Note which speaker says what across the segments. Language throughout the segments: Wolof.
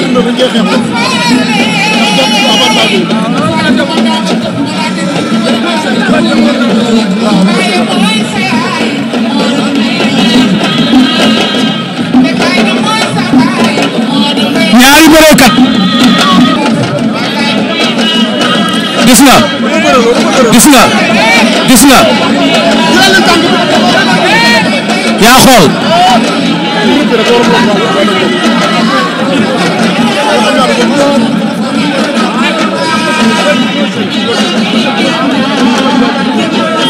Speaker 1: àndandoo dañ koy xeex ndax jàpp ko avantage
Speaker 2: bi. ñaari bëreekat
Speaker 1: gis nga gis nga gis nga yaa xool loolu day bëgg na ko man jàpp na la de dina la war de dina la war de dina la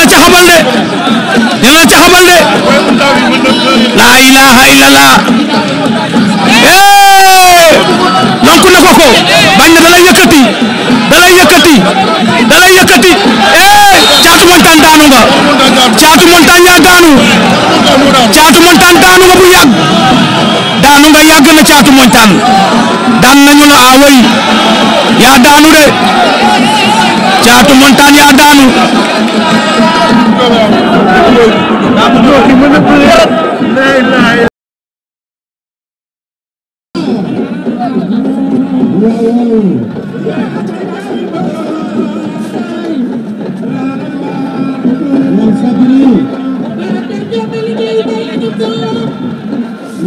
Speaker 2: caxabal de la caxabal de laa ilaaha illallah na ko bañ na da lay dalay yëkkati dalay yëkkati eh caatu daanu nga caatu montagne yaa daanu caatu montagne daanu nga bu yàgg daanu nga yàgg na caatu montagne daan nañu la away yaa daanu de caatu
Speaker 1: montagne yaa daanu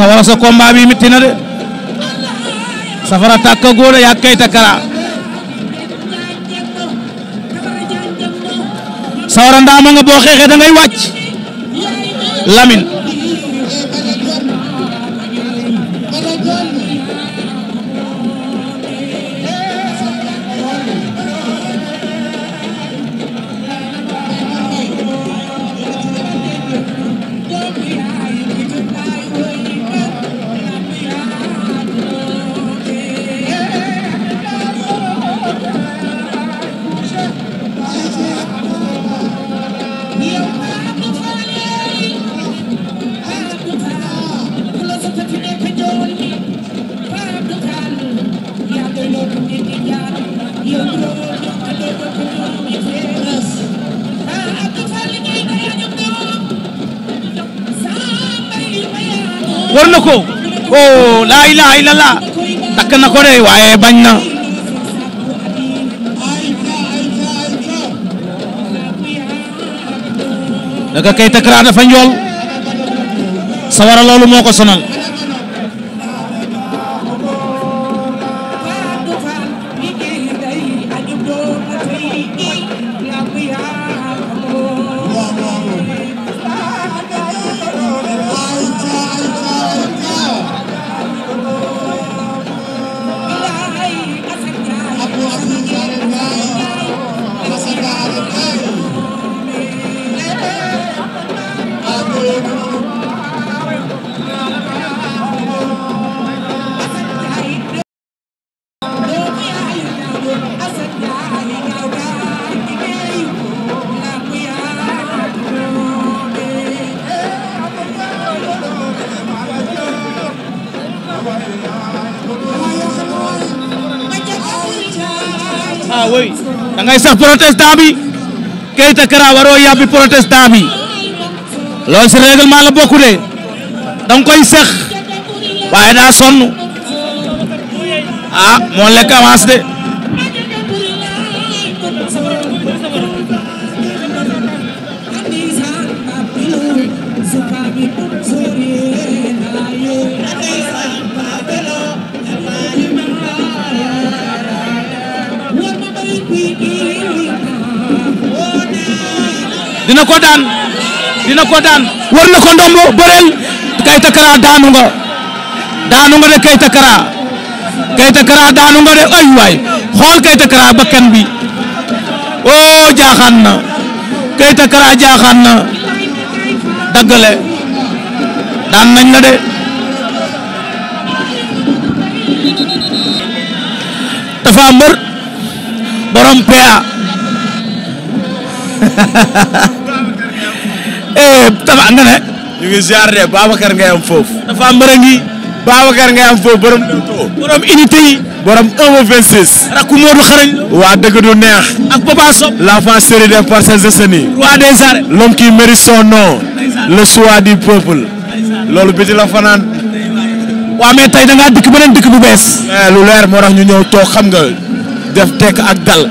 Speaker 2: safara sa combat bi mitti na de safara takka góor yaa kayta kara safara nga boo xeexee dangay ngay wàcc Lamine oh laa ilaha illallah takk na ko de waaye bañ na daga kay takraada fa njool loolu moo ko sonal ngay sax protestant bi Keita Kara waroo yàbbi protestant bi loolu si la bokku de koy sax waaye daa sonn ah moo lekk avance de dina ko daan dina ko daan war na ko ndombo bëreel Keita Kara daanu nga daanu nga de Keita Kara Keita Kara daanu nga de ay waay xool Keita Kara ba bi oo jaaxaan na Keita Kara jaaxaan na daggale daan nañ la de dafa mbër borom PA Tafa nga ne. ñu ngi ziar de Babacar ngay am foofu. dafa mbërë ngi. Babacar ngay am foofu borom. borom unité yi. borom 1 26. rakku Modou xarañ. waa dëgg du neex. ak Papa Sob. l'enfant chéri des Parcelles Assainies. roi des arènes. l'homme qui mérite son nom. le choix du peuple. loolu biti la fanaan. waa mais tey da ngaa dikk beneen dikk bu bees. Eh, lu leer moo tax ñu ñëw toog xam nga def tekk ak dal.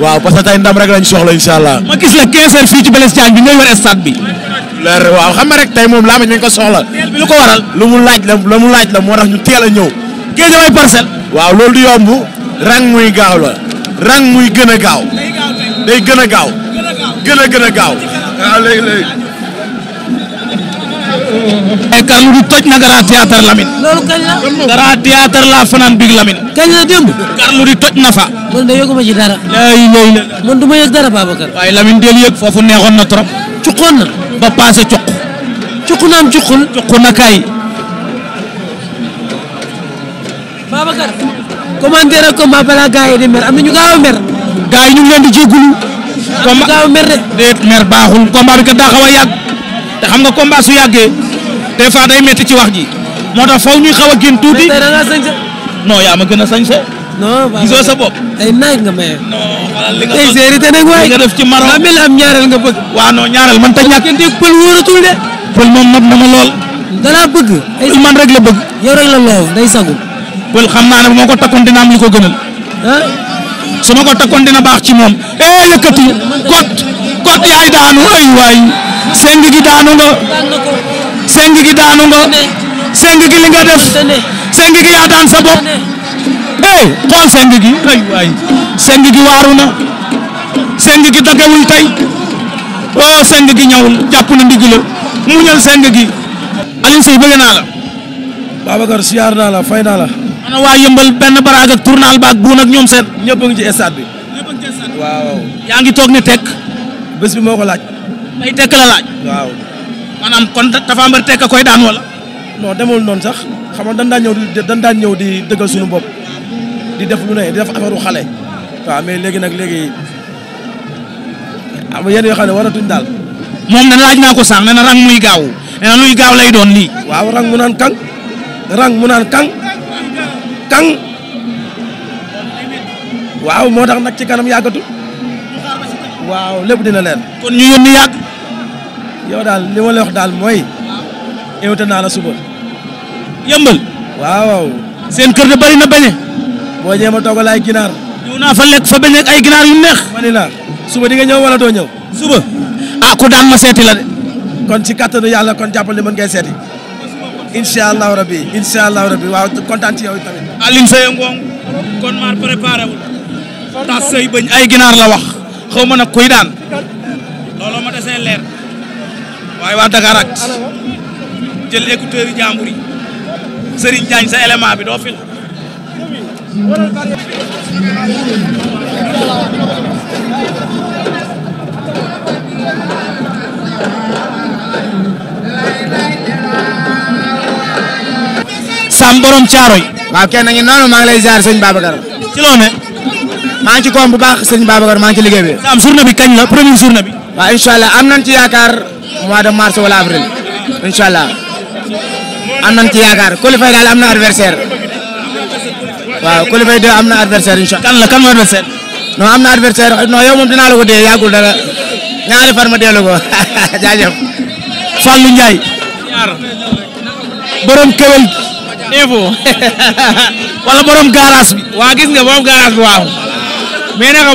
Speaker 2: waaw parce que tey ndam rek lañ soxla incha allah. ma gis la 15 heures fii ci Blaise Diagne bi ngay war stade bi. leer waaw xam rek tey moom laa ma ñu ko soxla. teel lu ko waral. lu mu laaj la lu mu laaj la moo tax ñu teel a ñëw. géej way waaw loolu du yomb rang muy gaaw la rang muy gën a gaaw. day gën a gaaw. gën a gën a gaaw. waaw ah, léegi léegi. Eh, kan toj na Grand Théâtre Lamine.
Speaker 3: loolu kañ la. Grand
Speaker 2: Théâtre la fanaan big kañ la toj na fa. man de yëguma ci dara. lay lay waaye Lamine del yëg foofu neexoon na trop. cuqoon ba passé cuq. cuq naam cuqul. cuq na kaay. Babacar. commentaire ak combat balaa gars di mer am na ñu gaaw a mer. ñu ngi leen di jégalu. am na ñu gaaw a mer de. déet mer baaxul combat bi daa xaw a yàgg. te xam nga combat su yàggee. des fois day métti ci wax ji. moo tax faw ñuy xaw a génn tuuti. mais tey da ngaa sañse. gën a sañse. non gisoo sa bopp. ay naaj nga maye. non xoolal li nga def tey séeréer nag waay li nga def ci maro. amel am ñaareel nga bëgg. waaw non ñaareel man ta ñàkk. kenn pël wóoratul de. pël moom nopp na ma lool. danaa bëgg. ay man rek la bëgg. yow rek la loow day sagu. pël xam naa ne bu ma ko takkoon dina am lu ko gënal. ah. su ma ko takkoon dina baax ci moom. eh yëkkati kot kot yaay daanu ay waay. seng gi daanu nga. seng gi daanu nga. seng gi li nga def. seng gi yaa daan sa bopp. hey xool seng gi ay waay seng gi waaru na seng gi daggewul tey oh seng gi ñawul jàpp na ndigg la seng gi Alioune Seye bëgg naa la
Speaker 3: Babacar siyaar naa la fay naa la
Speaker 2: waa yëmbal benn baraag ak tournal baak buun ak ñoom seen ñëpp a ngi ci stade bi waaw yaa ngi toog ne tekk bés bi moo ko laaj day tekk la laaj waaw maanaam kon dafa mbër tekk koy daan wala non demul noonu sax xam nga dañ daan ñëw di dañ suñu bopp di def lu ne di def affaire xale waaw mais léegi nag léegi am yenn yoo xam ne waratuñ daal. moom na laaj naa ko sànq na rang muy gaaw nee na luy gaaw lay doon lii. waaw rang mu naan kang mu naan kang kang waaw moo tax nag ci kanam yàggatu waaw lépp dina leer. kon ñu yónni yàgg. yow daal li ma lay daal mooy. invité naa la suba. waaw. seen kër de bari na bañe. woo ñëwee ma toggal ay ginaar. ñëw ay ginaar yu neex. ma suba di nga ñëw wala doo ñëw. suba ah ku daan ma seeti la de. kon ci kattanu yàlla kon jàppal ni mën ngay seeti. incha allahu rabi incha allahu rabi waaw kontaan ci yow tamit. Alioune Seye
Speaker 3: kon maar préparé wul. tas
Speaker 2: say bañ ay ginaar la wax. xaw ma nag kuy daan.
Speaker 3: looloo ma desee leer.
Speaker 2: waaye waa Dakar jël écouteurs yi jàmbur yi Serigne sa élément bi doo fil. Sam borom Caaroy. waaw kenn ngi noonu maa ngi lay ziar sëñ Babacar. ci loo ne. maa ngi koom bu baax sëñ Babacar maa ngi ci liggéey bi. Sam journée bi kañ la première journée bi. waaw incha allah am nañ ci yaakaar mois de mars wala avril incha allah am nañ ci yaakaar Coly Faye daal am na adversaire. waaw Koulibaly 2 am na adversaire incha kan la kan mooy adversaire am na adversaire non yow moom dinaa la ko dee yàggul dara ñaari far ma delloo ko jaajëf. Fallou Ndiaye. borom Kewel. info wala borom garage waa gis nga borom garage bi waaw. mais naka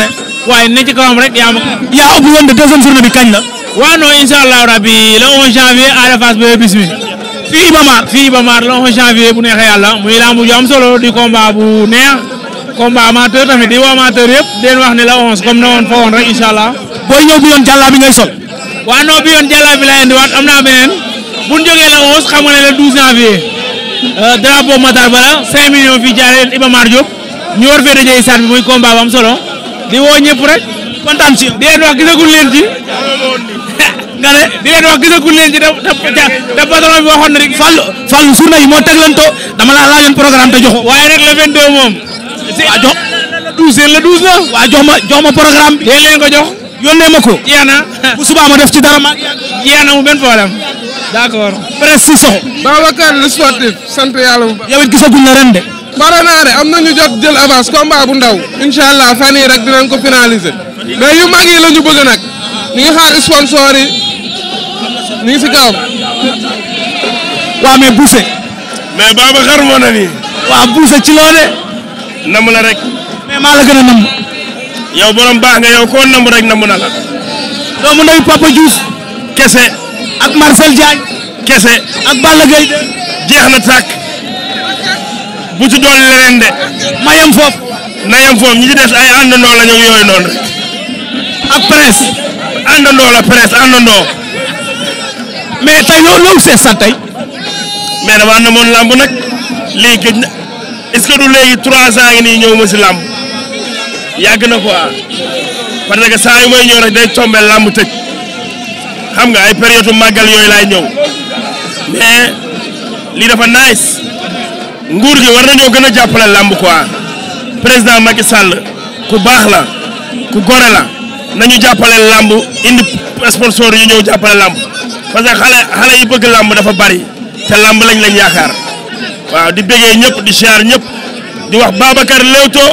Speaker 2: na ci waaye ne ci kawam rek yaa ma. yaa ubbi woon de deuxième journée bi kañ la. waaw non incha allah rabi le janvier à la face ba fii Iba Mar fii Iba Mar le 11 janvier bu neexee yàlla muy lambu ju am solo di combat bu neex combat amateur tamit di woo amateur yëpp di wax ne la 11 comme na woon fa woon rek incha allah. booy ñëw bi yoon jàllaa bi ngay sol. waaw non bi indiwaat am naa beneen bu ñu la 11 xam nga ne le 12 janvier euh, drapeau Matar Bala 5 million fii jaaree Iba Mar Diop ñu war fee dajee isaat bi muy combat bu am solo di woo ñëpp rek kontaan si yow. di leen wax gisagul leen ci. nga ne di leen wax leen ci da da patron bi waxoon na rek Fallou Fallou suuna yi moo teglantoo dama laa laajoon programme te joxo waaye nag le 22 moom waa jox ma jox ma programme bi dee leen ko jox yónnee ma ko jeex na bu subaa ma def ci dara ma jeex na mu benn problème d'accord presse si soxo a le sportif sant yàlla bu baax yow it gisagul na ren de pare naa de am nañu jot jël avance combat bu ndaw incha allah fan yii rek dinañ ko finaliser mais yu ñu ngi si kawam. waaw mais Bousse. mais Babacar moo na nii. waaw Bousse ci loone namm la rek. mais maa la gën a namm. yow borom baax nga yow koo namm rek namm na la. doomu ndeyu Papa Diouf. kese. ak Marcel Diagne. kese. ak Balla Gaye jeex na tàkk. bu ci doon leneen de. ma yem foofu. na yem foofu ñi ci des ay àndandoo la ñu yooyu noonu rek. ak presse. àndandoo la presse àndandoo. mais tey loolu loolu seet sax tey. mais damaa ne moon làmb nag lii gëj na est-ce que du léegi trois ans yi nii ñëw ma si làmb
Speaker 3: yàgg na quoi parce que saa yu may ñëw rek day tombé làmb tëj xam nga ay période màggal yooyu laay ñëw mais lii dafa
Speaker 2: nice nguur gi war nañoo gën a jàppale làmb quoi président Macky Sall ku baax la ku gore la na ñu jàppale làmb indi sponsor yu ñëw jàppale làmb parce que xale xale yi bëgg dafa bari te làmb lañ lañ yaakaar waaw di bëggee ñëpp di siyaar ñëpp di wax Babacar Leewtoo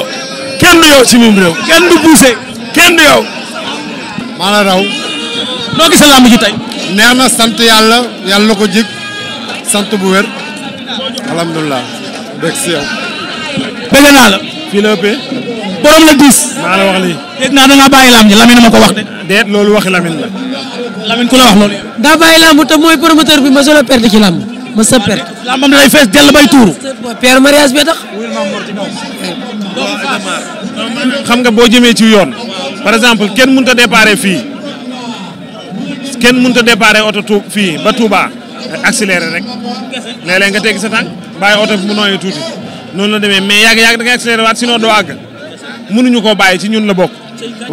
Speaker 2: kenn du yow si moom kenn du buuse kenn du yow. maa raw. noo
Speaker 3: gisee làmb ji tey. neex na sant yàlla yàlla na ko jig sant bu wér alhamdulilah. dëgg si naa la. fii la ëppee. borom la diis. maa wax lii. dégg naa da ngaa bàyyi làmb ji Lamine ma ko wax de. déet loolu waxi Lamine la.
Speaker 2: Lamine ku la wax loolu. daa bàyyi bu te mooy promoteur bi ma solo perte ci làmb ma sa perte. làmbam lay
Speaker 3: fees dell bay tuuru. père mariage bi tax. xam nga boo jëmee ci yoon. par exemple kenn mënut a déparé fii kenn mun a déparé oto tu fii ba Touba. accéléré rek léeg-léeg nga teggi sa tànk bàyyi oto bu mu nooyee tuuti noonu la demee mais yàgg yàgg da ngay accéléré waat sinon doo àgg mënuñu koo bàyyi ci ñun la bokk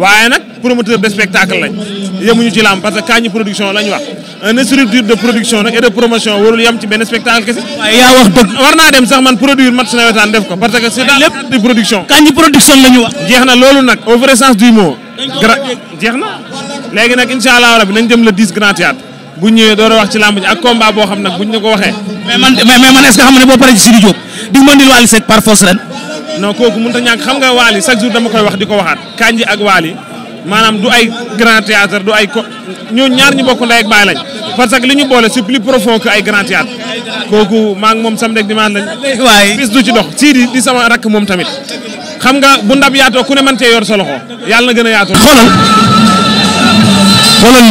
Speaker 3: waaye nag. promoteur de spectacle lañ yemuñu ci làmb parce que Kandji production lañ wax une structure de production et de promotion warul yem ci benn spectacle kese. waaye yaa wax dëgg. war dem sax man produire match nawetaan def ko parce que c'est dans le de production. Kandji production la ñu wax. jeex na loolu nag au vrai sens du mot. gra grand théâtre bu ñëwee door a wax ci làmb ak combat boo xam nag buñ ñu ko waxee. mais man mais man que
Speaker 2: xam nga ne boo paree ci Sidi Diop di mën di Wally Seck
Speaker 3: a ñàkk xam wax di maanaam du ay grand théâtre du ay ko ñoo ñaar ñu bokk ndey ak baay lañ parce que li ñu boole c'est plus profond que ay grand théâtre kooku maa moom sam ak dimanche waaye bis du ci dox Sidi di sama rakk moom tamit xam nga bu ndab yaatoo ku ne man cee yor sa loxo yàlla na gën a yaatoo xoolal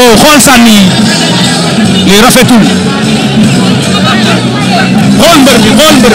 Speaker 3: oh, xool
Speaker 2: mbër bi xool mbër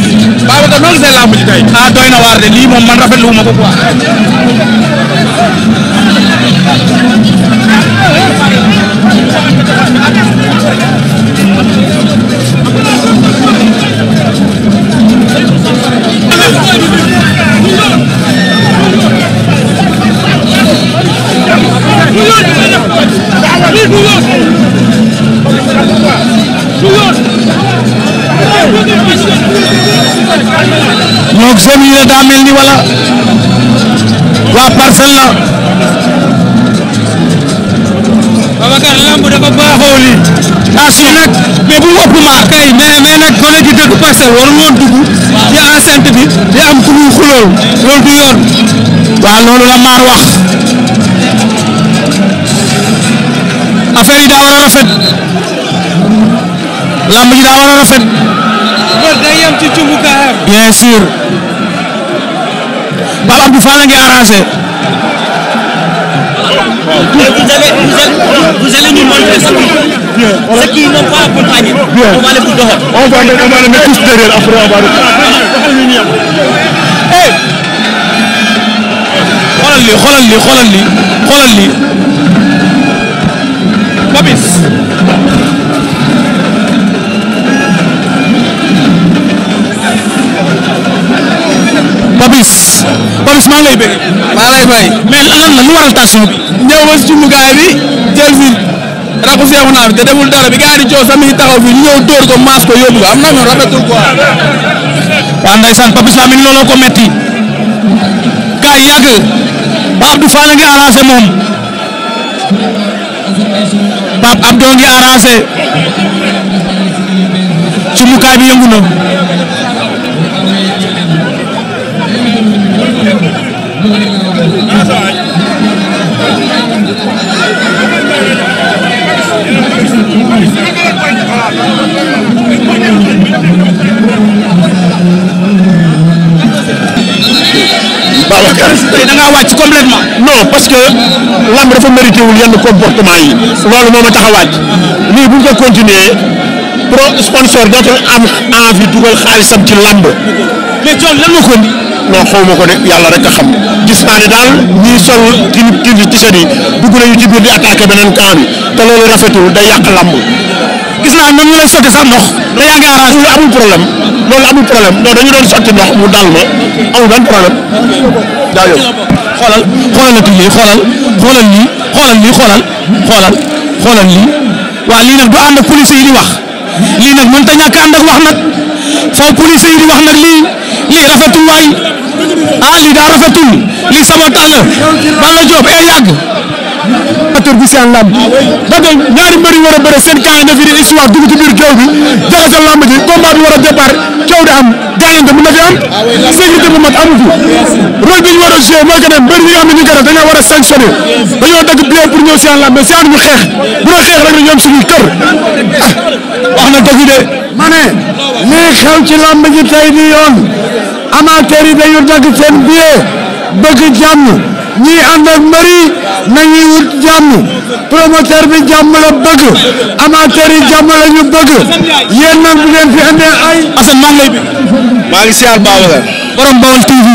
Speaker 1: Babacar noo
Speaker 2: gisee làmb ji tey. ah doy na waar de lii moom man rafetlu wu ko quoi. ñoo seen yi la daa ni wala waa parcelle la. Babacar lamb dafa baaxoo lii. ah nag mais bu ëpp maa ah, kay nag gone gi dëkk parcelle warul woon du yoon. waaw loolu la maar wax. affaire yi daa war a rafet. lamb ji daa war a rafet. mbër day yem ci cumbukaayam. bien sûr. Pape Abdou Fall a ngi arrangé. mais vous allez vous allez vous allez nous montrer ce qui ce qui n'ont pas accompagné. bien on va les doxal. on va les on va les mettre tous derrière après on va les. xoolal lii xoolal lii xoolal lii xoolal lii Papis. Papis Papis maa ngi lay bëgg. lay fay. mais lan la lu waral tension bi. ñëw ba si bi jël fi rakku seexu naa bi te deful dara bi gars yi di coow sax mi ngi taxaw fii ñëw dóor ko maas ko yóbbu ko am na ñoo rafetul quoi. waaw ndeysaan Papis Lamine mi looloo ko metti gars yi yàgg Pape Abdou Fall ngi arrangé moom Pape Abdou ngi arrangé
Speaker 1: jumtukaay bi yëngu na. Babacar tey da
Speaker 2: ngaa ci complètement non parce que lamb dafa mérité wul yenn comportement yi loolu moo ma tax a wàcc lii bu ñu ko continuer pro sponsor dootul am envie dugal xaalisam ci lamb mais John lan nga ko non xaw ma ko de yàlla rek a xam gis naa ne daal ñiy sol kii kii t-shirt yi dugg nañu ci biir di attaqué beneen camp bi te loolu rafetul day yàq làmb gis naa même ñu lay sotti sax ndox. da yaa ngi arrangé loolu amul problème loolu amul problème non dañu doon sotti ndox mu dal ma amul benn problème jaajëf. xoolal xoolal la tijjee xoolal xoolal lii xoolal lii xoolal xoolal xoolal lii waaw lii nag du ànd ak police yi di wax lii nag mënut a ñàkk ànd ak wax nag faaw police yi di wax nag lii lii rafetul waay. ah lii daa rafetul lii sabot àll Balla Diop e yàgg amateur bu seen lamb ba tey ñaari mbër yi war a bëre seen kaay na fi di histoire dugg ci biir géew bi jaxase lamb ji combat bi war a départ coow di am jaayante mën na fi am mat amu fi rôle bi ñu war a joué mooy que ne mbër yi nga xam ne ñu ko def dañoo war a sanctionné dañoo dagg bien pour ñëw seen lamb mais si ñu xeex bu doon xeex rek ne ñoom suñuy kër
Speaker 1: ah
Speaker 2: wax de ma xew ci lamb ji tey di amateur yi dañu dagg seen billet bëgg jàmm ñi ànd ak mbëri nañuy wut jàmm promoteur bi jàmm la bëgg amateur yi jàmm la ñu bëgg yéen nag bu fi andee ay. Assane maa ngi lay. maa ngi siyaar Babacar. borom Baol TV.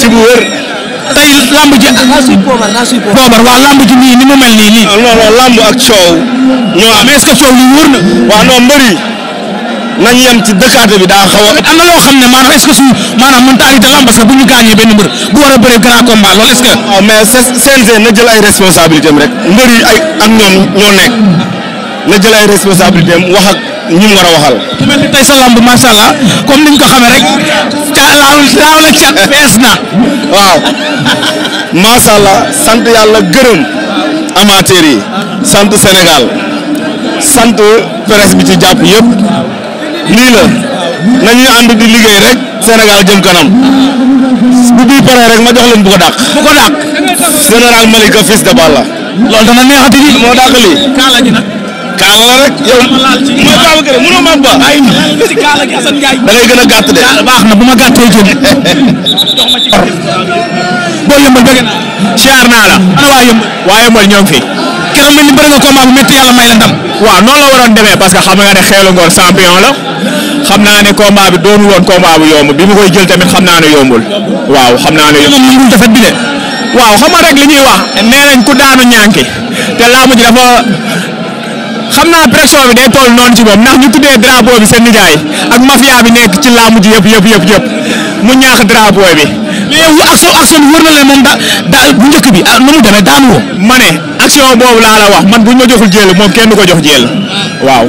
Speaker 2: ci bu wér. tey lamb ji. waa lamb ji ni mu mel nii ah, ak coow. ñoo am mais coow li wóor na. waaw non mbëri. nañ yem ci dëkkaate bi daa xaw a. am loo xam ne maanaam est-ce maanaam mënut a arrêté lamb parce que bu ñu gaañee benn mbër bu war a bëree grand combat loolu est-ce que. waaw na jël ay responsabilités rek mbër yi ay ak ñoom ñoo nekk na jël ay responsabilités wax ak ñi mu war a waxal. ku mel ni tey sa lamb macha allah comme niñ ko xamee rek ca laaw laaw la cat fees na. waaw macha sant yàlla gërëm amateurs yi sant Sénégal sant presse bi ci jàpp yëpp. lii la nañu ànd di liggéey rek Sénégal jëm kanam bu bii paree rek ma jox leen bu ko dàq. bu ko dàq. général Malika fils de Balla. loolu dana neexati lii. moo dàq lii. kaala rek yow. mooy kaala gën a mënoo ay si kaala gi Assane gën a gàtt de. baax na bu ma gàttee jëm. boo yëmbal bëgg naa. naa la. ana waa yëmbal. waa yëmbal ñoo ngi fi. keroog mel ni bëri nga bu métti yàlla may la ndam. waaw noonu la waroon demee parce que xam nga ne Xeelu Ngor champion la xam naa ne combat bi doonu woon combat bu yomb bi mu koy jël tamit xam naa ne yombul waaw xam naa ne. yombul moom defet bi waaw xam nga rek li ñuy wax nee nañ ku daanu ñànki te laamu ji dafa xam naa pression bi day toll noonu ci moom nax ñu tuddee drapeau bi seen nijaay ak mafia bi nekk ci laamu ji yëpp yëpp yëpp yëpp mu ñaax drapeau bi. mais wu action action wër na leen moom da daal bu njëkk bi ah nu mu demee daanu woo. ma ne action boobu laa la wax man buñ ma joxul jël moom kenn du ko jox jël waaw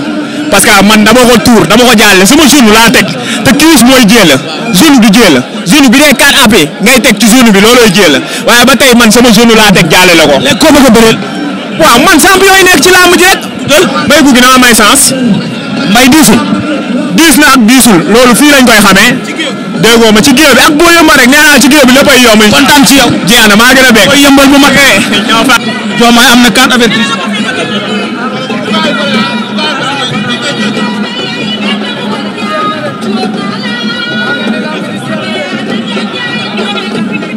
Speaker 2: parce que man dama ko tuur dama ko jàllale sama zone laa teg te kiis mooy jël zone bi jël zone bi day 4 AP ngay teg ci zone bi loolooy jël waaye ba tey man sama zone laa teg jaale jàllale ko. léegi koo bëgg a bëreel. waaw man champion yi nekk ci làmb ji rek. jël mbay bu gi na ma may sens. mbay diisul. diis na ak diisul loolu fii lañ koy xamee. déggoo ma ci géew bi ak boo yëmba nee naa ci géew bi léppay yomb yi. kontaan a bég. booy yëmbal bu mag ee. ñoo fàtt Diomaye am na carte avertissement.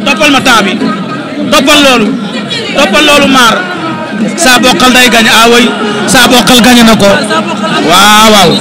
Speaker 2: toppal ma temps toppal loolu toppal loolu maar. saa bokkal day gañ a away saa bokkal gañ na ko
Speaker 1: waaw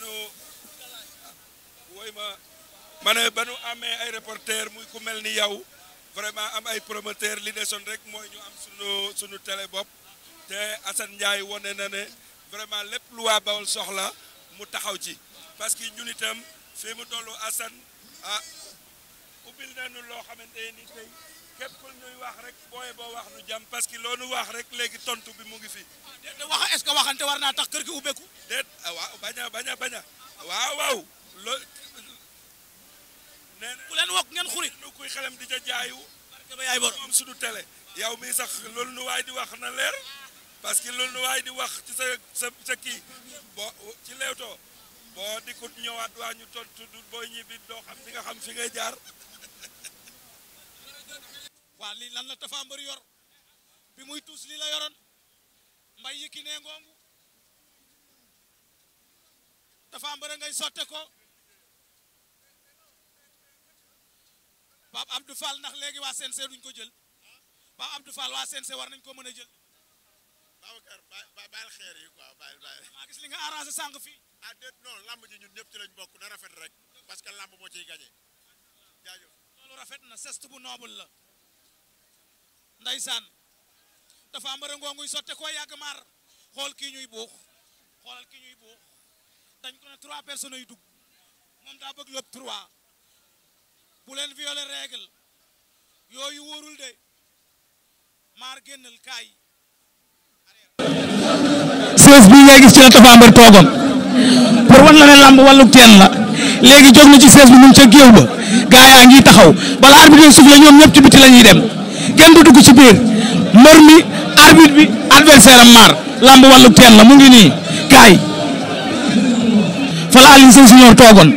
Speaker 4: nu woy ma ma ba nu amee ay reporter muy ku mel ni yow vraiment am ay promoteur li desoon rek mooy ñu am sunu sunu télé bopp te Assane Ndiaye wane na ne vraiment lépp lu waa Bawol soxla mu taxaw ci parce que ñun itam fii mu tollu Assane ah ubbil nañu loo xamante ni tey képp ku wax rek booye boo wax nu jàmm parce que loolu wax rek léegi tontu bi mu ngi fi te wax est-ce que waxante war naa tax kër gi ubbeeku. déet ah, waaw baña baña baña waaw waaw loo nee ku leen wokk ngeen xuri nu kuy xelam di ca jaayu barke ba yaay bor moom yow mii sax loolu nu waay di wax na leer parce que loolu nu waay di wax ci sa sa sa kii boo ci Leewtoo boo di ko ñëwaat waa ñu tontu du booy ñibbi doo xam di nga xam fi ngay jaar
Speaker 2: waa lii lan la Tapha Mbeur yor bi muy tuus lii la yoroon mbay yi ki nee ngoongu dafa mbër ngay sotte ko Pape Abdou Fall ndax léegi waa CNC duñ ko jël Pape Abdou Fall waa CNC war nañ ko mën a jël
Speaker 4: Babacar ba baal xeer yi quoi baal baal maa gis li nga arrangé sànq fi ah déet non lamb ji ñun ñëpp ci lañ bokk na rafet
Speaker 2: rek parce que lamb moo ciy gagné rafet na geste bu noble la ndeysaan dafa mbër ngonguy sotte koo yàgg maar xool kii ñuy buux xoolal kii ñuy buux dañ ko ne trois personnes yu dugg moom daa bëgg lépp trois bu leen violé règle yooyu wóorul de maar génnal kaay sees bi ngay gis ci la Tapha Mbeur toogoon pour wan la ne làmb wàllug teen la léegi jóg na ci sees bi mu ngi ca géew ba gaa yaa ngi taxaw bala arbitre suuf la ñoom ñëpp ci biti la ñuy dem kenn du dugg ci biir mbër mi arbitre bi adversaire am maar lamb wàllu teen la mu ngi nii kaay fa la Alioune Sèye Junior toogoon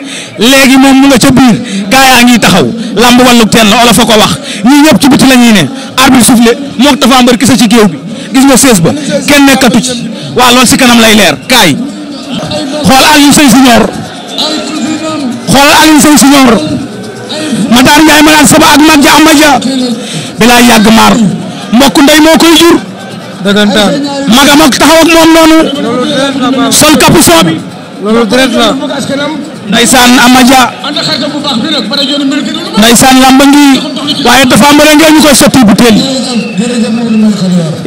Speaker 2: léegi moom mu nga ca biir gaa yaa ngi taxaw lamb wàllu teen la olof fa ko wax ñii ñëpp ci biti la ñuy ne arbitre soufflé moo dafa mbër kese ci géew bi gis nga sées ba kenn nekkatu ci waaw loolu si kanam lay leer kaay xool Alioune Sèye Junior xool Alioune Sèye Junior Matar Ndiaye ma daan saba ak Madja Amadja bilaa yàgg maar. mbokk ndey moo koy jur. dëggantaan magam ak taxaw ak moom noonu. sol
Speaker 1: capuchon bi. loolu dërët la. Ndeysaan Amadia.
Speaker 2: Ndeysaan lamba
Speaker 1: ngi waaye dafa am bële
Speaker 2: ngeen ñu koy sotti butéel yi.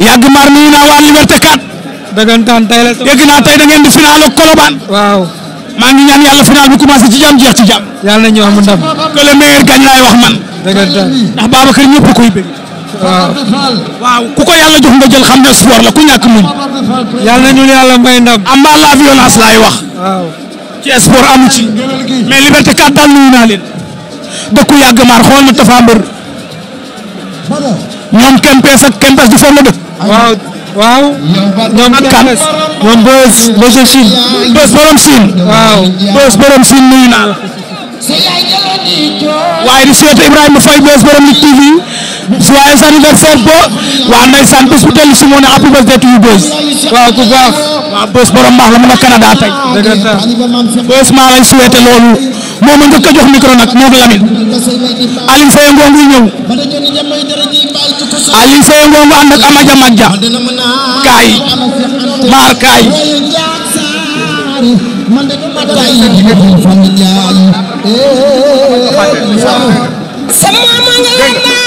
Speaker 2: yàgg maar nuyu naa waa Liberté 4. dëggantaan tey la. yëg naa tey da ngeen di final ak Colobane. waaw. maa ngi ñaan yàlla final bi commencé ci jàmm jeex ci jàmm. yàlla na ñu am ndam. que le wax man. dëggantaan ndax Babacar ñëpp koy
Speaker 1: bëgg.
Speaker 3: waaw ku ko yàlla jox nga la ku ñàkk muñ. yàlla am la violence laay wax. ci sport amu ci.
Speaker 2: mais Liberté 4 daal nuyu naa leen. dëkku yàgg maar xool na Tapha Mbeur. ñoom Kempes ak Kempes la dëkk. waaw waaw. Boos Boos Siin. Boos Siin. waaw naa la. waaye di seet Ibrahima Faye Boos borom Lutte TV. joyeux anniversaire bo waa ndeysaan bés bu dellu si moo ne happy birthday to you boys ku baax waaw borom baax la mu nga Canada tey bés maa lay souhaité loolu moom a njëkk a jox moo ko Lamine Aliou Faye Ngongu ñëw Aliou Faye Ngongu ànd ak Amaja Madja kaay maar kaay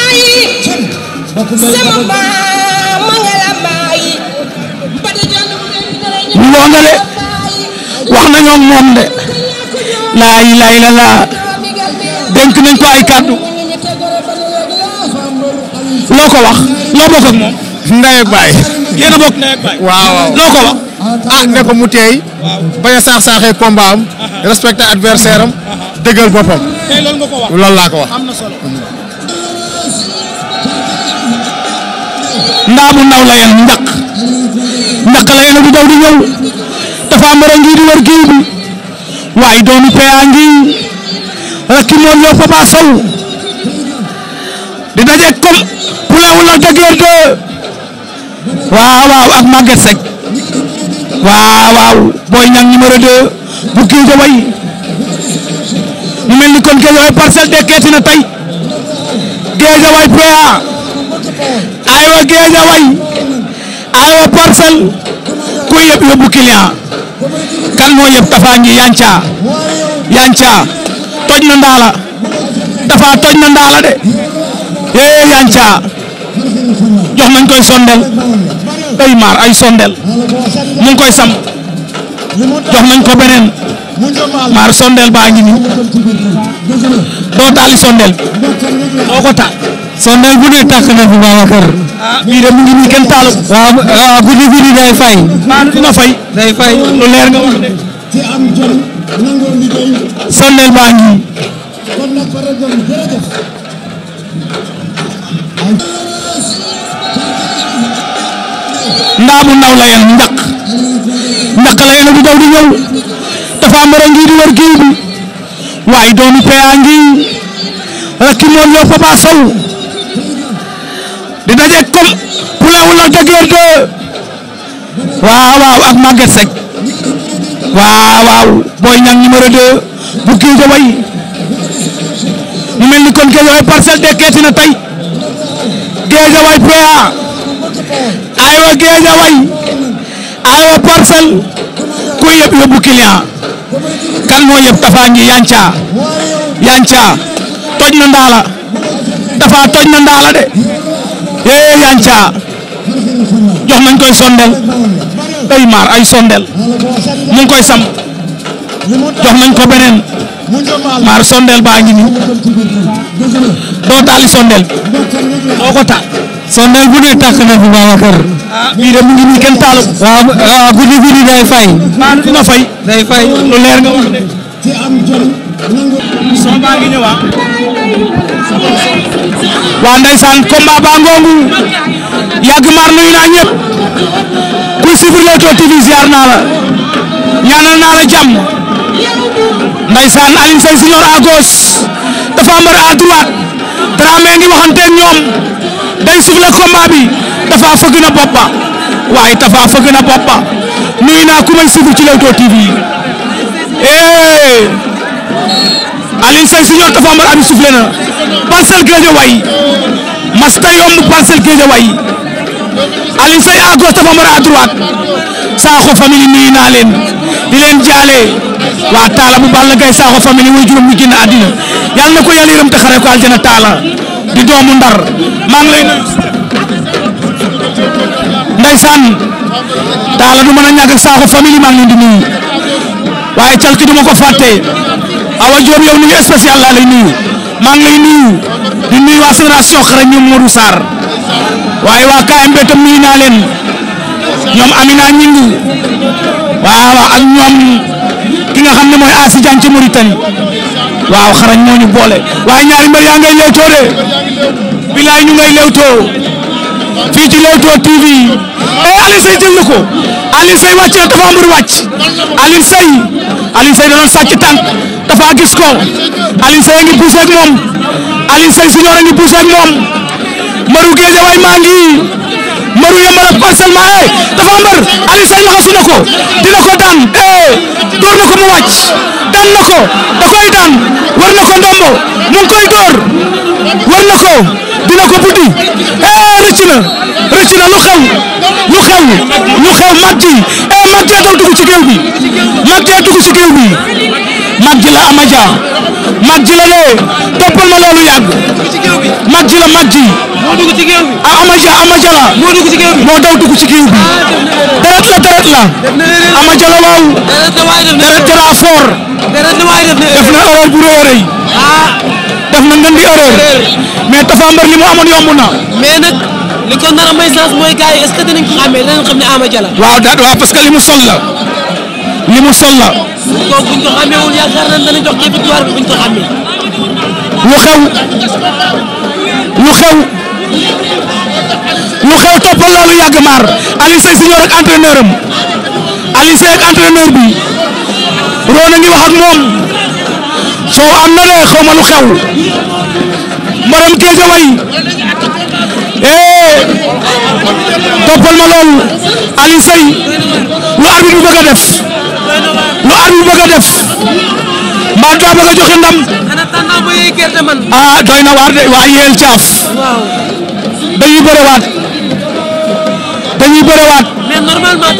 Speaker 1: bàyyi sama maam
Speaker 2: wax nañoo moom de laa ilaaha illallaah dénk nañ ko ay kàddu loo ko wax loo bokk ak moom ndey baay yéen bokk waaw loo ko wax ah ne ko mu teey bañ a saax-saaxee combat am respecté adversaire boppam loolu laa ko wax na solo mu ndaw la yan njaq njaq la yan bu daw di ñëw dafa am ngi di wër géew bi waaye doomu PA ngi rakki moom yow Papa Sow di daje comme pulawu la dëgër de waaw waaw ak Maguette Seck waaw waaw booy ñang numéro 2 bu Guédiawaye mu mel ni kon Guédiawaye parcelle dekkeeti na tey Guédiawaye PA aywa Guédiawaye aywa Parcelles kuy yëpp yóbbu client kan moo yëpp Tapha ngi yanca toj na ndaala Tapha toj na ndaala de yee yanca jox nañ koy sondel ay maar ay sondel
Speaker 1: mu koy sam jox nañ ko beneen maar sondel
Speaker 2: baa ngi doo taali sondel moo ko taal sondeel bu ne tàkk na fi Babacar. ah bii de mu ngi ah, ah, fay. maanaam fay. day ndaamu ndaw la yan njaq. njaq la yan bu daw di ñëw. dafa am rek ngi di war géew bi. waaye di daje comme poulain wu Lac de Guiers 2 waaw waaw ak Maguette Seck waaw waaw Boy Niang numéro 2 bu Guédiawaye ñu mel ni kon Guédiawaye parcelle dekkeeti na tey Guédiawaye PA aywa Guédiawaye aywa parcelle kuy yëpp kan moo yëpp Tafa ngi yanca yanca toj na ndaala Tafa toj na ndaala de yee yanca jox nañ koy sondel ay maar ay sondel
Speaker 1: mu koy sam jox nañ ko beneen maar sondel baa ngi nii
Speaker 2: doo taali sondel doo ko taal sondel bu ne tàkk na fi Babacar ah bii de mu ngi nii kenn taalu waaw guddi guddi day fay maa dina fay fay lu leer nga wax de soo baa ngi ñëwaa waa ndeysaan combat ba ngongu yàgg maar nuyu naa ñëpp kuy suivre Leewtoo TV ziar naa la ñaanal naa la jàmm ndeysaan Alioune Seye senior à gauche dafa mbar à droite Dramé ngi ñoom day soufflé combat bi dafa fëgg na bopp ba waaye dafa na bopp ba naa ku may suivre ci Leewtoo TV eh. Alioune Seye Junior Tapha Mbeur abi soufflé na Parcelles Guédiawaye Masta yomb Parcelles Guédiawaye Alioune Seye à gauche Tapha Mbeur à droite Sakho famille nuyu naa leen di leen jaale waa Talla bu Balla Gaye Sakho famille way juróom ñu génn àddina yàlla na ko yàlla yërëm te xare ko aljana Talla di doomu Ndar maa ngi lay nuyu ndeysaan Talla du mën a ñàkk ak Sakho famille maa ngi leen waaye calki du ma ko fàtte Awa Diop yow nuyu spécial laa lay nuyu maa ngi lay nuyu di nuyu waa génération xarañ ñoom Modou Sarr waaye waa KMB tam nuyu naa leen ñoom Amina Ngingue waaw ak ñoom ki nga xam ne mooy Asi Diagne ca Mauritanie waaw xarañ moo ñu boole waaye ñaari mbër yaa ngay lewtoo de bilaay ñu ngay lewtoo fii ci Leewtoo TV oh eh, Alioune na ko Alioune Seye wàcc na Tapha Mbeur wàcc Alioune Seye Alioune gis ko Alioune Seye a ngi poussé ak moom Alioune Seye si ñoom moom Marou Guèye waay maa ngi Marou yembal ak parcelle maa eh Tapha Mbeur Alioune na ko dina ko daan eh na ko mu wàcc daan na ko da koy daan war na ko ndombo mu koy door war na ko. dina ko buddi eh rëcc na rëcc na lu xew lu xew lu xew Magdi eh daw dugg ci géew bi Magdi a dugg ci géew bi Magdi la Amadia Magdi la ma loolu yàgg Magdi la Magdi ah Amadia Amadia la moo ci géew bi moo daw dugg ci géew bi
Speaker 1: deret la deret la Amadia la
Speaker 2: waaw deret dara fort
Speaker 1: def na erreur
Speaker 2: bu def na ngeen di erreur mais Tapha Mbeur li mu amoon yomb na mais nag li ko que dinañ ko xàmmee dinañ que li mu sol la li mu sol la lu xew lu moom coow am na de xaw ma lu xew mbaram Géejawaay eh toppal ma loolu Aliou Seye lu arbitre bi bëgg a def lu arbitre bi bëgg a def
Speaker 1: mbaa daa bëgg
Speaker 2: a joxe ndam ah doy na waar de waa yeel caaf dañuy bëriwaat dañuy bëriwaat. mais normalement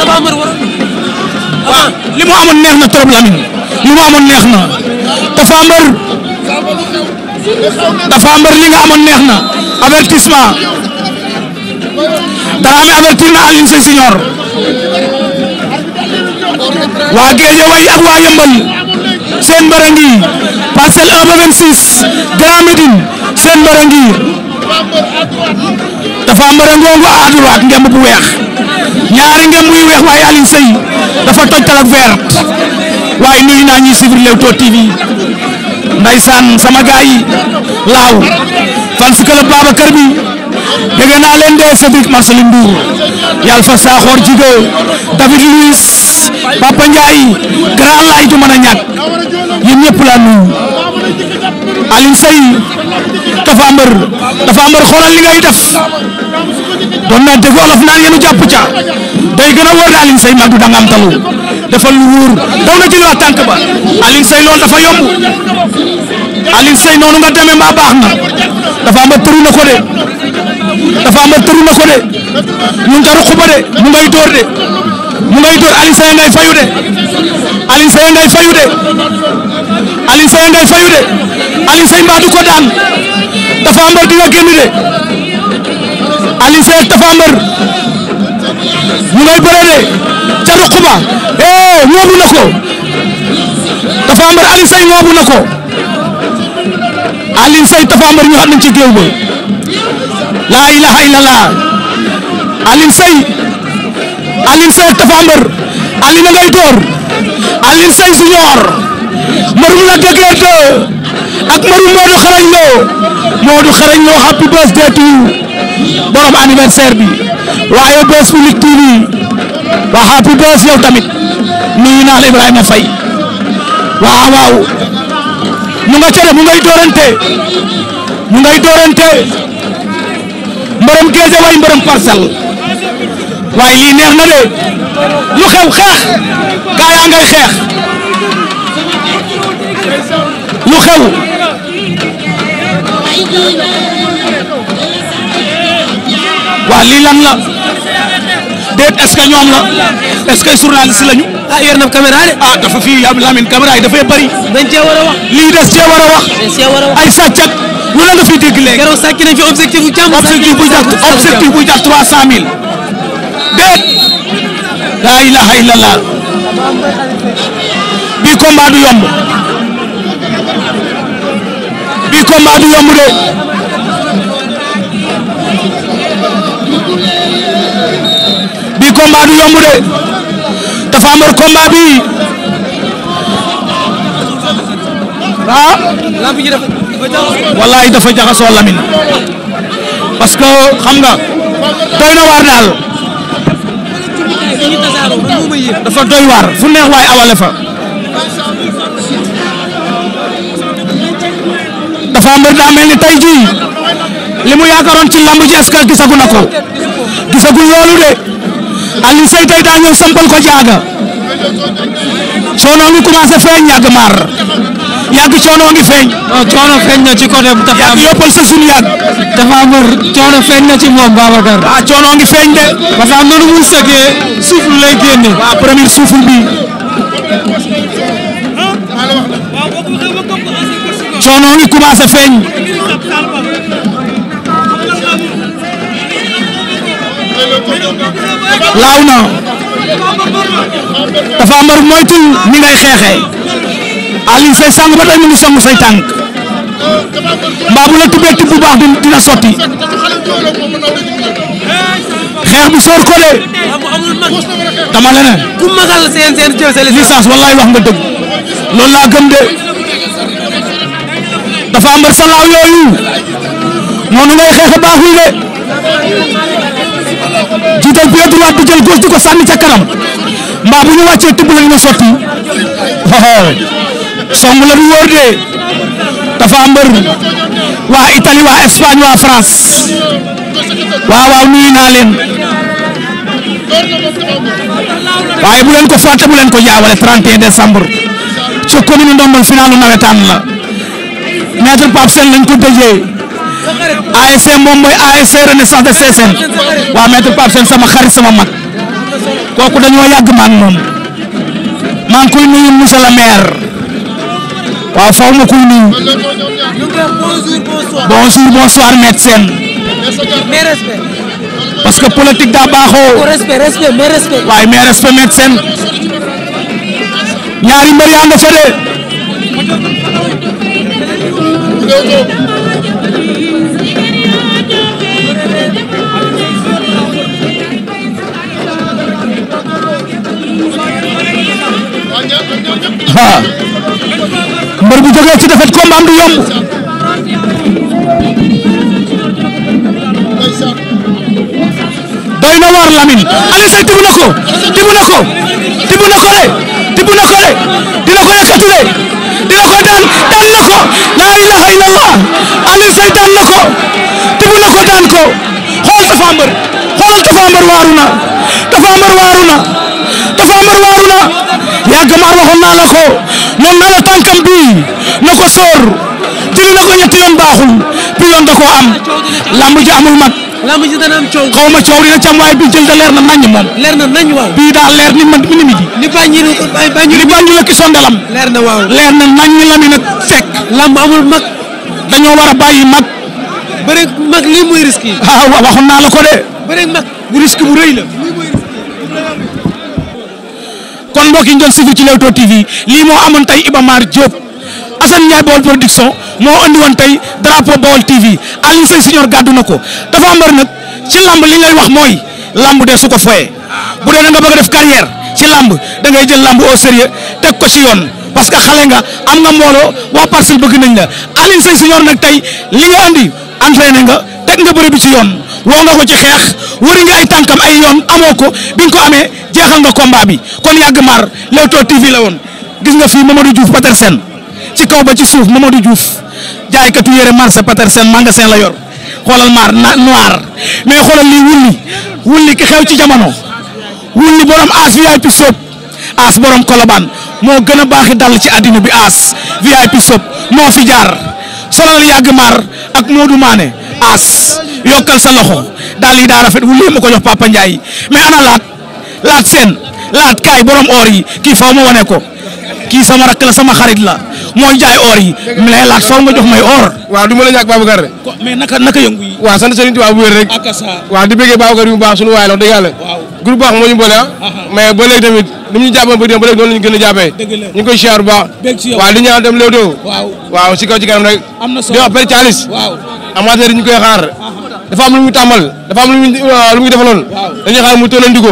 Speaker 2: li mu amoon neex na trop Lamine li mu amoon neex na.
Speaker 1: Tapha Mbeur Tapha Mbeur li nga amoon
Speaker 2: neex na avertissement Dramé avertir na Alioune Sèye Senior
Speaker 1: waa Guédiawaye ak waa Yeumbeul
Speaker 2: seen mbër a ngi parcelle 1 ba 26 Grand Médine seen mbër a ngi Tapha Mbeur a bu weex
Speaker 1: ñaari ngemb yu weex waaye Alioune Sèye dafa
Speaker 2: toj talak vert waay nuyu naa ñuy suivre Leewtoo TV ndaysaan sama gaay yi laaw fan si club Babacar bi dégg naa leen de Cédric Marcelin Ndour
Speaker 1: yàlla fa saaxoor jigo David
Speaker 2: Luiz Papa laay du mën a ñàkk yéen ñëpp laa nuyu Alioune Seye dafa mbër
Speaker 1: dafa li def doon naa dégg olof naan yéen a ca day gëna a wóor ne Alioune
Speaker 2: Seye am talu dafa lu wóor daw na jëlaat tànk ba Alioune Seye dafa yomb Alioune Seye noonu nga demee mbaa baax na dafa am a tëru na ko de dafa am a tëru na ko de mu ngi ruq ba de mu ngay door de mu ngay door Alioune Seye ngay fayu de Alioune Seye ngay fayu de Alioune Seye ngay fayu de Alioune Seye mbaa du ko daan dafa am a di de. Alioune Seye Tapha Mbeur ñu ngay bëree ca ruq ba eh ngoobu ko Tapha Mbeur Alioune Seye ngoobu ko Alioune Seye Tapha Mbeur nañ ci géew ba laa ilaha illallah Alioune Seye Alioune Seye door Alioune Seye junior mbërum la dëgg ak mbërum Modou Xarañ Lo Modou Xarañ Lo happy birthday to borom anniversaire bi waaye boos Lutte TV waa happy boos yow tamit nuyu naa la Ibrahima Faye waaw waaw mu nga cere mu ngay doorante mu ngay doorante mbërëm géeja way mbërëm parcelle waaye lii neex na de lu xew xeex gaa yaa ngay xeex lu xew waaw lii lan la déet est-ce que ñoom la est-ce que journaliste la ah yor na caméra de. ah dafa fii yàlla Lamine caméra yi ay bëri. dañ cee war a lii des cee war a wax. dañ cee war a wax ay sàcc ak lu la nga fiy dégg léegi. keroog sàcc fi objectif bu jàmm. objectif bu jàpp objectif bu jàpp 300000. déet. laa ilaha illallah. bii combat bi combat du yomb de dafa am combat bi ah. dafa jaxasoo Lamine parce que xam nga
Speaker 1: doy na waar daal
Speaker 2: dafa doy fu neex waay awale fa mel ni tey jii li mu yaakaaroon ci lamb ji est-ce na ko gisagul loolu de Aliou Seye tey daa ñëw sampal ko jaaga coono ngi commencé feeñ yàgg maar yàgg coono ngi feeñ. waaw feeñ na ci côté Tapha Mbeur. yóbbal sa feeñ na ci moom Babacar. waaw ah, coono ngi feeñ de. parce que am na lu muy sëggee souffle lay génne. waaw ah, premier souffle feeñ.
Speaker 1: laaw na dafa
Speaker 2: ambar moytul ni ngay xeexee Aliou Seye sang ba tey mu ngi song say tànk
Speaker 1: mbaa bu la tubbee tibb bu baax dina sotti xeex bu soor ko de dama la ne
Speaker 2: ku magal seen seen licence wallaay wax nga dëgg loolu laa gëm de dafa mbar sa laaw yooyu noonu ngay xeexe baaxul de jiital pied droit bi jël gauche di ko sànni ca kanam mbaa bu ñu wàccee tëbb la ñu la wóor de
Speaker 1: dafa am mbër waa Italie waa Espagne waa France waaw waaw naa leen waaye bu leen
Speaker 2: ko fàtte bu leen ko jaawale 31 décembre ca commune Ndombol finalu nawetaan la maître Pape Sène lañ ko dëjee ASC moom mooy ASC renaissance de Sessène waa maître Pape Sène sama xarit sama mag kooku dañoo yàgg ma moom maa ngi koy nuyu monsieur le waaw faw ma koy nuyu
Speaker 1: bonsoir maître
Speaker 2: parce que politique daa baaxoo waaye mais respect maître ñaari mbër yaa nga ah mbër bu jógee ci defet combat am du yomb doy na waar Lamine Alioune Seye tibu na ko tibu na ko tibu na ko de tibu na ko de dina ko yëkkati de dina ko daan daan na ko laa ilaha illallah Alioune Seye daan na ko tibu na ko daan ko xool Tapha Mbeur xoolal Tapha Mbeur waaru na Tapha Mbeur waaru na Tapha Mbeur waaru na yàgg maar waxoon naa la ko noonu naa la tànkam bii na ko sóor jëli na ko ñetti yoon baaxul bi yoon da koo am lamb ji amul mat lamb ji dana am coow. xaw ma coow dina ci waaye bi jël da leer na naññ moom. leer na naññ waaw. bii daal leer ni man ni mi ji. li bàññi ay bàññi. li bàññi la ki sondalam. leer na nañ leer na naññ la mi nag fekk. lamb amul mag. dañoo war a bàyyi mag. bëre mag lii muy risque yi. ah waxoon naa la ko de. bëre bu risque bu kon mbokk yi ñu doon ci Leewtoo TV lii moo amoon tey Iba Mar Diop Assane Ndiaye Baol moo andi woon tey drapeau Baol TV Alioune Seye Senior gàddu na ko dafa mbër nag ci lamb li ñu lay wax mooy lamb dee su ko foyee bu dee da nga bëgg def carrière ci lamb da ngay jël lamb au sérieux teg ko ci yoon parce que xale nga am nga mbooloo waa parcelle bëgg nañ la Alioune Seye Senior nag tey li nga andi entraîné nga teg nga bëre bi ci yoon woo nga ko ci xeex wëri nga ay tànkam ay yoon amoo ko bi nga ko amee jeexal nga combat bi kon yàgg maar Leewtoo TV la woon gis nga fii Mamadou Diouf Petersen ci kaw ba ci suuf Mamadou Diouf. jaaykatu yére marché seen magasin la yor xoolal maar noir mais xoolal lii wulli wulli ki xew ci jamono wulli borom aas VIP sopp aas borom kolobaan moo gën a baaxi dal ci addina bi aas VIP sopp moo fi jaar solal yàgg maar ak Modou Mané aas yokkal sa loxo daal yi daa rafet wulli ma ko jox Papa Ndiaye mais ana laat laat seen laat kaay borom or yi kii faw ma wane ko kii sama rakk la sama xarit la mooy jaay or yi mu lay laaj faw nga jox may or waaw du ma la ñàkk Babacar de mais naka naka yëngu yi waaw sant Serigne Touba bu wér rek waaw di bëggee Babacar yu baax suñu waay la dëgg yàlla groupe baax moo ñu boole ah mais ba léegi tamit ni ñu jàppoon ba démb ba léegi noonu la ñu gën a jàppee ñu ngi koy ñu koy xaar dafa am lu mu tàmmal dafa am lu mu lu mu defaloon dañuy xaar mu tollandiko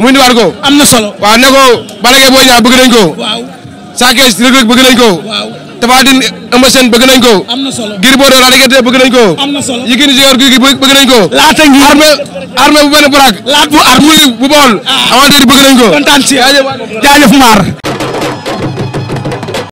Speaker 2: mu indiwaat ko am na solo waaw ne ko bala ngay booy ñaa bëgg Sa Thiès Reug bëgg nañ ko. waaw Tapha Tine Eumeu bëgg nañ ko. am na solo Gris Bordeaux Lac de Guiers bëgg nañ ko. am na solo Yékini Junior ko. laata ngi armée armée bu benn baraak. laat bu ar bu Bawol. amateur ah. bëgg ko. kontaan si